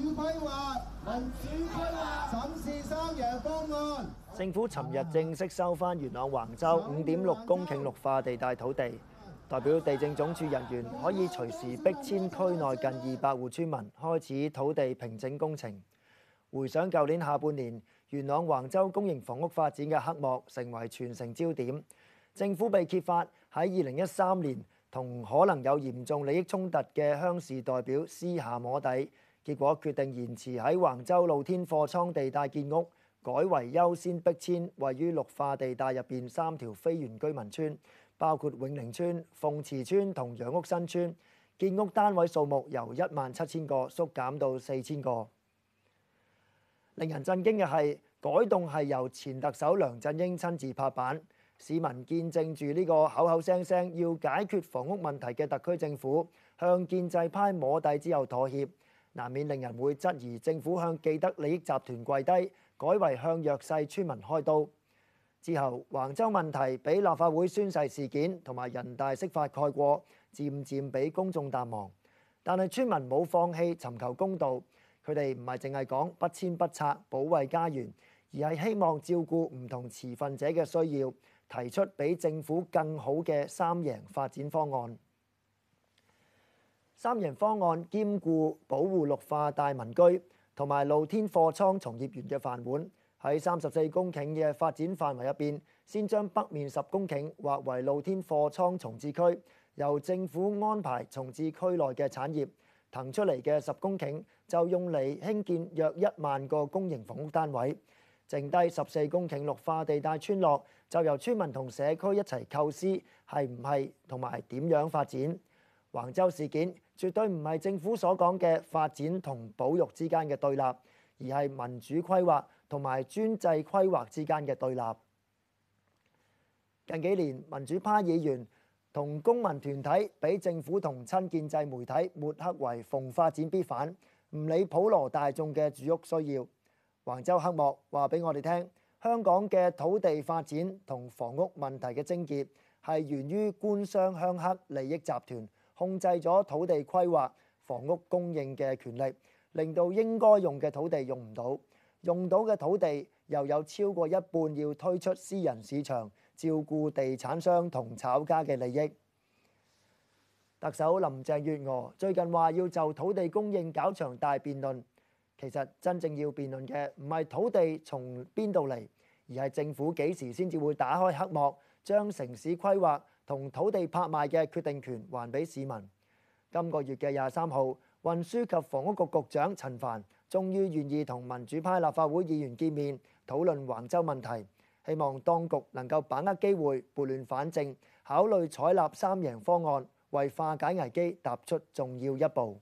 主規劃、民主規劃、審視三贏方案。政府尋日正式收翻元朗橫洲五點六公頃綠化地帶土地，代表地政總署人員可以隨時逼遷區內近二百戶村民，開始土地平整工程。回想舊年下半年，元朗橫洲公營房屋發展嘅黑幕成為全城焦點，政府被揭發喺二零一三年同可能有嚴重利益衝突嘅鄉事代表私下摸底。結果決定延遲喺橫洲露天貨倉地帶建屋，改為優先逼遷位於綠化地帶入邊三條非原居民村，包括永寧村、鳳池村同楊屋新村。建屋單位數目由一萬七千個縮減到四千個。令人震驚嘅係改動係由前特首梁振英親自拍板，市民見證住呢個口口聲聲要解決房屋問題嘅特區政府向建制派摸底之後妥協。難免令人會質疑政府向既得利益集團跪低，改為向弱勢村民開刀。之後，橫洲問題俾立法會宣誓事件同埋人大釋法蓋過，漸漸俾公眾淡忘。但係村民冇放棄尋求公道，佢哋唔係淨係講不遷不拆，保衞家園，而係希望照顧唔同持份者嘅需要，提出比政府更好嘅三贏發展方案。三贏方案兼顧保護綠化帶民居同埋露天貨倉從業員嘅飯碗，喺三十四公頃嘅發展範圍入邊，先將北面十公頃劃為露天貨倉重置區，由政府安排重置區內嘅產業騰出嚟嘅十公頃就用嚟興建約一萬個公營房屋單位，剩低十四公頃綠化地帶村落就由村民同社區一齊構思係唔係同埋點樣發展橫洲事件，絕對唔係政府所講嘅發展同保育之間嘅對立，而係民主規劃同埋專制規劃之間嘅對立。近幾年，民主派議員同公民團體俾政府同親建制媒體抹黑為逢發展必反，唔理普羅大眾嘅住屋需要。橫洲黑幕話俾我哋聽，香港嘅土地發展同房屋問題嘅症結係源於官商鄉黑利益集團。控制咗土地規劃、房屋供應嘅權力，令到應該用嘅土地用唔到，用到嘅土地又有超過一半要推出私人市場，照顧地產商同炒家嘅利益。特首林鄭月娥最近話要就土地供應搞場大辯論，其實真正要辯論嘅唔係土地從邊度嚟，而係政府幾時先至會打開黑幕，將城市規劃同土地拍賣嘅決定權還俾市民。今個月嘅廿三號，運輸及房屋局局長陳帆終於願意同民主派立法會議員見面，討論橫洲問題，希望當局能夠把握機會，撥亂反正，考慮採納三贏方案，為化解危機踏出重要一步。